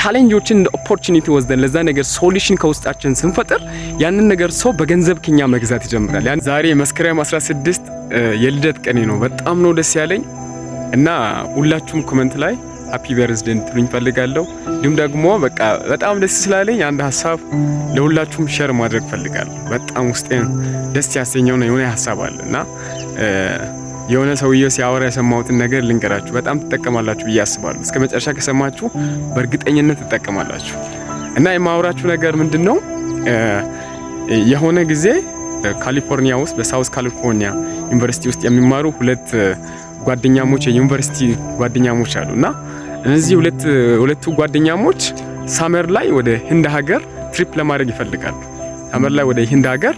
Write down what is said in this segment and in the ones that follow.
ቻሌንጆችን እንደ ኦፖርቹኒቲ ወስደን ለዛ ነገር ሶሉሽን ከውስጣችን ስንፈጥር ያንን ነገር ሰው በገንዘብ ከኛ መግዛት ይጀምራል። ያን ዛሬ መስከረም 16 የልደት ቀኔ ነው። በጣም ነው ደስ ያለኝ እና ሁላችሁም ኮመንት ላይ ሃፒ በርዝዴ እንድትሉኝ ፈልጋለሁ። እንዲሁም ደግሞ በቃ በጣም ደስ ስላለኝ አንድ ሀሳብ ለሁላችሁም ሸር ማድረግ ፈልጋለሁ። በጣም ውስጤን ደስ ያሰኘው የሆነ ሀሳብ አለ እና የሆነ ሰውየው ሲያወራ የሰማሁትን ነገር ልንገራችሁ። በጣም ትጠቀማላችሁ ብዬ አስባለሁ። እስከ መጨረሻ ከሰማችሁ በእርግጠኝነት ትጠቀማላችሁ። እና የማወራችሁ ነገር ምንድን ነው? የሆነ ጊዜ ካሊፎርኒያ ውስጥ በሳውስ ካሊፎርኒያ ዩኒቨርሲቲ ውስጥ የሚማሩ ሁለት ጓደኛሞች የዩኒቨርሲቲ ጓደኛሞች አሉ እና እነዚህ ሁለቱ ጓደኛሞች ሳመር ላይ ወደ ህንድ ሀገር ትሪፕ ለማድረግ ይፈልጋሉ ሰመር ላይ ወደ ሂንድ ሀገር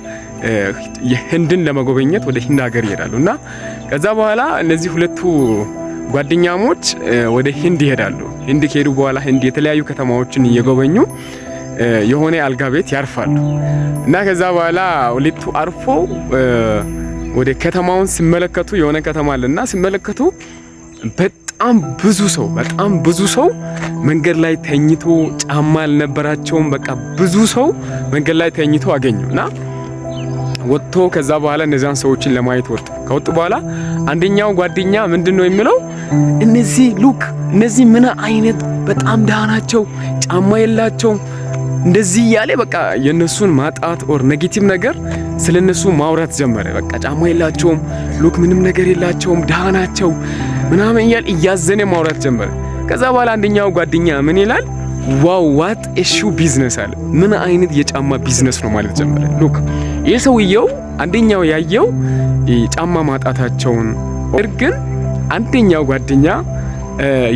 ህንድን ለመጎበኘት ወደ ሂንድ ሀገር ይሄዳሉ እና ከዛ በኋላ እነዚህ ሁለቱ ጓደኛሞች ወደ ሂንድ ይሄዳሉ። ሂንድ ከሄዱ በኋላ ህንድ የተለያዩ ከተማዎችን እየጎበኙ የሆነ አልጋ ቤት ያርፋሉ እና ከዛ በኋላ ሁለቱ አርፎ ወደ ከተማውን ሲመለከቱ የሆነ ከተማ አለና ሲመለከቱ በጣም ብዙ ሰው በጣም ብዙ ሰው መንገድ ላይ ተኝቶ ጫማ አልነበራቸውም። በቃ ብዙ ሰው መንገድ ላይ ተኝቶ አገኙ እና ወጥቶ ከዛ በኋላ እነዚያን ሰዎችን ለማየት ወጡ። ከወጡ በኋላ አንደኛው ጓደኛ ምንድን ነው የሚለው እነዚህ ሉክ እነዚህ ምን አይነት በጣም ድሃ ናቸው፣ ጫማ የላቸውም እንደዚህ እያለ በቃ የእነሱን ማጣት ኦር ኔጌቲቭ ነገር ስለ እነሱ ማውራት ጀመረ። በቃ ጫማ የላቸውም ሉክ ምንም ነገር የላቸውም ድሃ ናቸው ምናምን እያል እያዘነ ማውራት ጀመረ። ከዛ በኋላ አንደኛው ጓደኛ ምን ይላል ዋው ዋት እሹ ቢዝነስ አለ። ምን አይነት የጫማ ቢዝነስ ነው ማለት ጀመረ። ሉክ ይህ ሰውየው አንደኛው ያየው ጫማ ማጣታቸውን፣ ግን አንደኛው ጓደኛ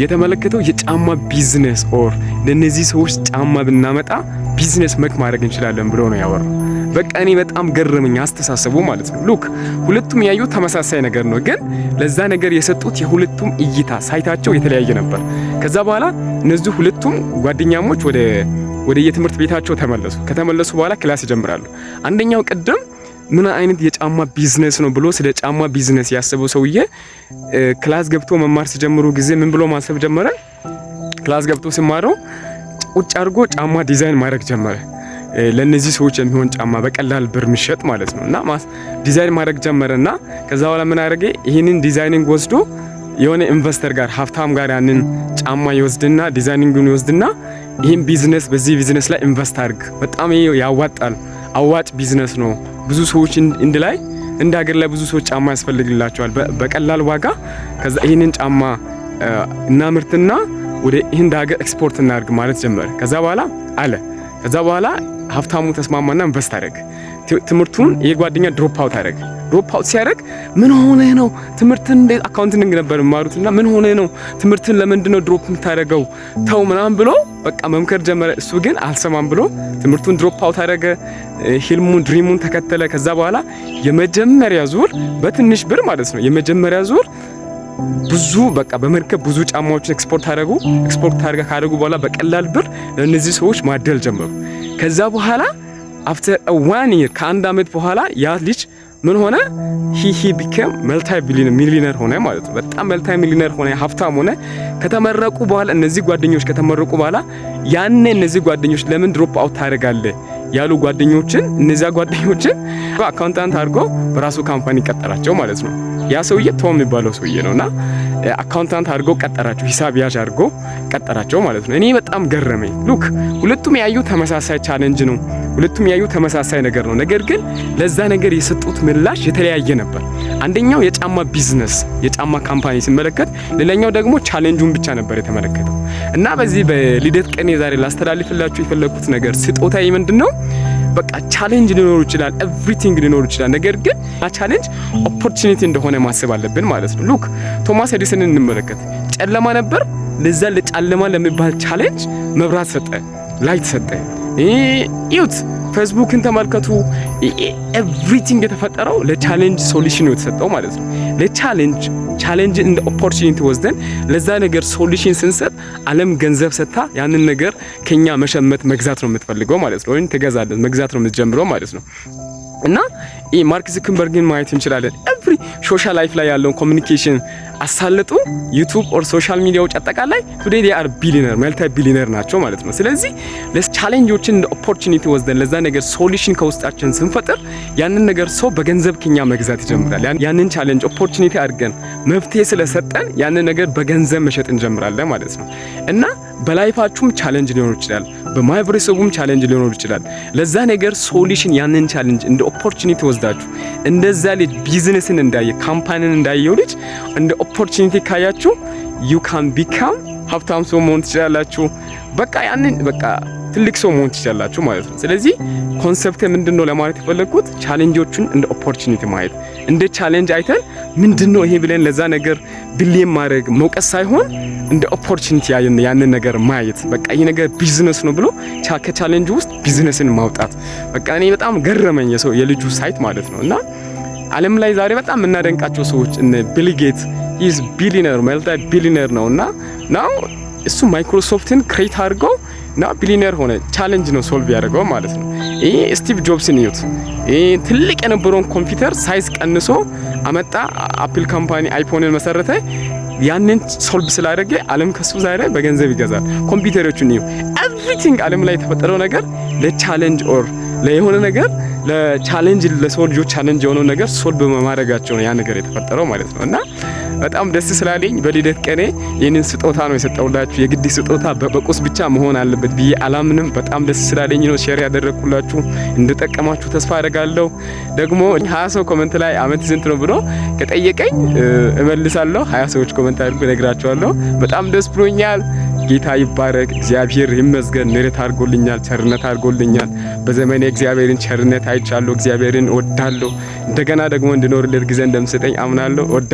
የተመለከተው የጫማ ቢዝነስ ኦር ለእነዚህ ሰዎች ጫማ ብናመጣ ቢዝነስ መክ ማድረግ እንችላለን ብሎ ነው ያወራው። በቃ እኔ በጣም ገረመኝ አስተሳሰቡ ማለት ነው። ሉክ ሁለቱም ያዩ ተመሳሳይ ነገር ነው፣ ግን ለዛ ነገር የሰጡት የሁለቱም እይታ ሳይታቸው የተለያየ ነበር። ከዛ በኋላ እነዚህ ሁለቱም ጓደኛሞች ወደ ወደ የትምህርት ቤታቸው ተመለሱ። ከተመለሱ በኋላ ክላስ ይጀምራሉ። አንደኛው ቅድም ምን አይነት የጫማ ቢዝነስ ነው ብሎ ስለ ጫማ ቢዝነስ ያሰበው ሰውዬ ክላስ ገብቶ መማር ሲጀምሩ ጊዜ ምን ብሎ ማሰብ ጀመረ? ክላስ ገብቶ ሲማረው ቁጭ አድርጎ ጫማ ዲዛይን ማድረግ ጀመረ። ለእነዚህ ሰዎች የሚሆን ጫማ በቀላል ብር የሚሸጥ ማለት ነው። እና ዲዛይን ማድረግ ጀመረ እና ከዛ በኋላ ምን አደረገ? ይህንን ዲዛይኒንግ ወስዶ የሆነ ኢንቨስተር ጋር ሀብታም ጋር ያንን ጫማ ይወስድና ዲዛይኒንግን ይወስድና ይህን ቢዝነስ በዚህ ቢዝነስ ላይ ኢንቨስት አድርግ፣ በጣም ያዋጣል፣ አዋጭ ቢዝነስ ነው። ብዙ ሰዎች እንድ ላይ እንደ ሀገር ላይ ብዙ ሰዎች ጫማ ያስፈልግላቸዋል በቀላል ዋጋ። ከዛ ይህንን ጫማ እናምርትና ወደ ህንድ ሀገር ኤክስፖርት እናድርግ ማለት ጀመረ። ከዛ በኋላ አለ ከዛ በኋላ ሀብታሙ ተስማማና ኢንቨስት አደረግ። ትምህርቱን የጓደኛ ድሮፕ አውት አደረግ። ድሮፕ አውት ሲያደርግ ምን ሆነ ነው ትምህርትን እንዴት አካውንቲንግ ነበር እና ምን ሆነ ነው ትምህርትን ለምንድን ነው ድሮፕ የምታደርገው ተው ምናምን ብሎ በቃ መምከር ጀመረ። እሱ ግን አልሰማም ብሎ ትምህርቱን ድሮፕ አውት አደረገ። ሂልሙን ድሪሙን ተከተለ። ከዛ በኋላ የመጀመሪያ ዙር በትንሽ ብር ማለት ነው የመጀመሪያ ዙር ብዙ በቃ በመርከብ ብዙ ጫማዎችን ኤክስፖርት አደረጉ። ኤክስፖርት አድርጋ ካደረጉ በኋላ በቀላል ብር ለእነዚህ ሰዎች ማደል ጀመሩ። ከዛ በኋላ አፍተር ዋን ይር ከአንድ ዓመት በኋላ ያ ልጅ ምን ሆነ? ሂሂ ቢከም መልታይ ሚሊነር ሆነ ማለት ነው። በጣም መልታይ ሚሊነር ሆነ፣ ሀብታም ሆነ። ከተመረቁ በኋላ እነዚህ ጓደኞች ከተመረቁ በኋላ ያኔ እነዚህ ጓደኞች ለምን ድሮፕ አውት ታደርጋለህ ያሉ ጓደኞችን እነዚያ ጓደኞችን አካውንታንት አድርጎ በራሱ ካምፓኒ ቀጠራቸው ማለት ነው። ያ ሰውዬ ቶም የሚባለው ሰውዬ እና አካውንታንት አድርጎ ቀጠራቸው፣ ሂሳብ ያዥ አድርጎ ቀጠራቸው ማለት ነው። እኔ በጣም ገረመኝ። ሉክ ሁለቱም ያዩ ተመሳሳይ ቻለንጅ ነው ሁለቱም ያዩ ተመሳሳይ ነገር ነው። ነገር ግን ለዛ ነገር የሰጡት ምላሽ የተለያየ ነበር። አንደኛው የጫማ ቢዝነስ የጫማ ካምፓኒ ሲመለከት፣ ሌላኛው ደግሞ ቻሌንጁን ብቻ ነበር የተመለከተው እና በዚህ በልደት ቀን ዛሬ ላስተላልፍላችሁ የፈለኩት ነገር ስጦታ ምንድን ነው? በቃ ቻሌንጅ ሊኖር ይችላል፣ ኤቭሪቲንግ ሊኖር ይችላል። ነገር ግን ቻሌንጅ ኦፖርቹኒቲ እንደሆነ ማሰብ አለብን ማለት ነው። ሉክ ቶማስ ኤዲሰንን እንመለከት። ጨለማ ነበር፣ ለዛ ለጨለማ ለሚባል ቻሌንጅ መብራት ሰጠ፣ ላይት ሰጠ። ይዩት፣ ፌስቡክን ተመልከቱ። ኤቭሪቲንግ የተፈጠረው ለቻሌንጅ ሶሉሽን የተሰጠው ማለት ነው። ለቻሌንጅ ቻሌንጅ እንደ ኦፖርቹኒቲ ወስደን ለዛ ነገር ሶሉሽን ስንሰጥ ዓለም ገንዘብ ሰጥታ ያንን ነገር ከኛ መሸመት መግዛት ነው የምትፈልገው ማለት ነው። ወይም ትገዛለን መግዛት ነው የምትጀምረው ማለት ነው። እና ማርክ ዝክንበርግን ማየት እንችላለን። ሶሻል ላይፍ ላይ ያለውን ኮሚኒኬሽን አሳልጡ። ዩቱብ ኦር ሶሻል ሚዲያዎች አጠቃላይ ቱዴይ ዴይ አር ቢሊነር መልቲ ቢሊነር ናቸው ማለት ነው። ስለዚህ ቻሌንጆችን እንደ ኦፖርቹኒቲ ወስደን ለዛ ነገር ሶሉሽን ከውስጣችን ስንፈጥር ያንን ነገር ሰው በገንዘብ ከኛ መግዛት ይጀምራል። ያንን ቻሌንጅ ኦፖርቹኒቲ አድርገን መፍትሄ ስለሰጠን ያንን ነገር በገንዘብ መሸጥ እንጀምራለን ማለት ነው እና በላይፋችሁም ቻለንጅ ሊኖር ይችላል፣ በማህበረሰቡም ቻሌንጅ ሊኖር ይችላል። ለዛ ነገር ሶሉሽን ያንን ቻለንጅ እንደ ኦፖርቹኒቲ ወስዳችሁ እንደዛ ልጅ ቢዝነስን እንዳየ ካምፓኒን እንዳየው ልጅ እንደ ኦፖርቹኒቲ ካያችሁ ዩ ካን ቢካም ሀብታም ሰው መሆን ትችላላችሁ። በቃ ያንን በቃ ትልቅ ሰው መሆን ትችላላችሁ ማለት ነው። ስለዚህ ኮንሰፕት ምንድን ነው ለማለት የፈለግኩት ቻሌንጆቹን እንደ ኦፖርቹኒቲ ማየት እንደ ቻሌንጅ አይተን ምንድን ነው ይሄ ብለን ለዛ ነገር ብሌም ማድረግ መውቀስ ሳይሆን እንደ ኦፖርቹኒቲ ያንን ነገር ማየት በቃ ይሄ ነገር ቢዝነስ ነው ብሎ ከቻሌንጅ ውስጥ ቢዝነስን ማውጣት በቃ እኔ በጣም ገረመኝ የሰው የልጁ ሳይት ማለት ነው እና ዓለም ላይ ዛሬ በጣም የምናደንቃቸው ሰዎች እነ ቢል ጌት ኢዝ ቢሊነር መልቲ ቢሊነር ነውና ናው እሱ ማይክሮሶፍትን ክሬት አድርገው እና ቢሊነር ሆነ። ቻሌንጅ ነው ሶልቭ ያደርገው ማለት ነው። ይህ ስቲቭ ጆብስን እዩት። ትልቅ የነበረውን ኮምፒውተር ሳይዝ ቀንሶ አመጣ። አፕል ካምፓኒ አይፎንን መሰረተ። ያንን ሶልቭ ስላደረገ አለም ከሱ ዛሬ በገንዘብ ይገዛል። ኮምፒውተሮቹን እዩ። ኤቭሪቲንግ አለም ላይ የተፈጠረው ነገር ለቻሌንጅ ኦር ለየሆነ ነገር ለቻሌንጅ ለሰው ልጆች ቻሌንጅ የሆነው ነገር ሶል በማድረጋቸው ነው ያ ነገር የተፈጠረው ማለት ነው እና በጣም ደስ ስላለኝ በልደት ቀኔ ይህንን ስጦታ ነው የሰጠውላችሁ። የግድ ስጦታ በቁስ ብቻ መሆን አለበት ብዬ አላምንም። በጣም ደስ ስላለኝ ነው ሼር ያደረግኩላችሁ። እንደጠቀማችሁ ተስፋ አደርጋለሁ። ደግሞ ሀያ ሰው ኮመንት ላይ አመት ስንት ነው ብሎ ከጠየቀኝ እመልሳለሁ። ሀያ ሰዎች ኮመንት አድርጎ እነግራቸዋለሁ። በጣም ደስ ብሎኛል። ጌታ ይባረክ፣ እግዚአብሔር ይመስገን። ምሕረት አድርጎልኛል፣ ቸርነት አድርጎልኛል። በዘመኔ እግዚአብሔርን ቸርነት አይቻለሁ። እግዚአብሔርን ወዳለሁ። እንደገና ደግሞ እንድኖርለት ጊዜ እንደምሰጠኝ አምናለሁ። ወዳ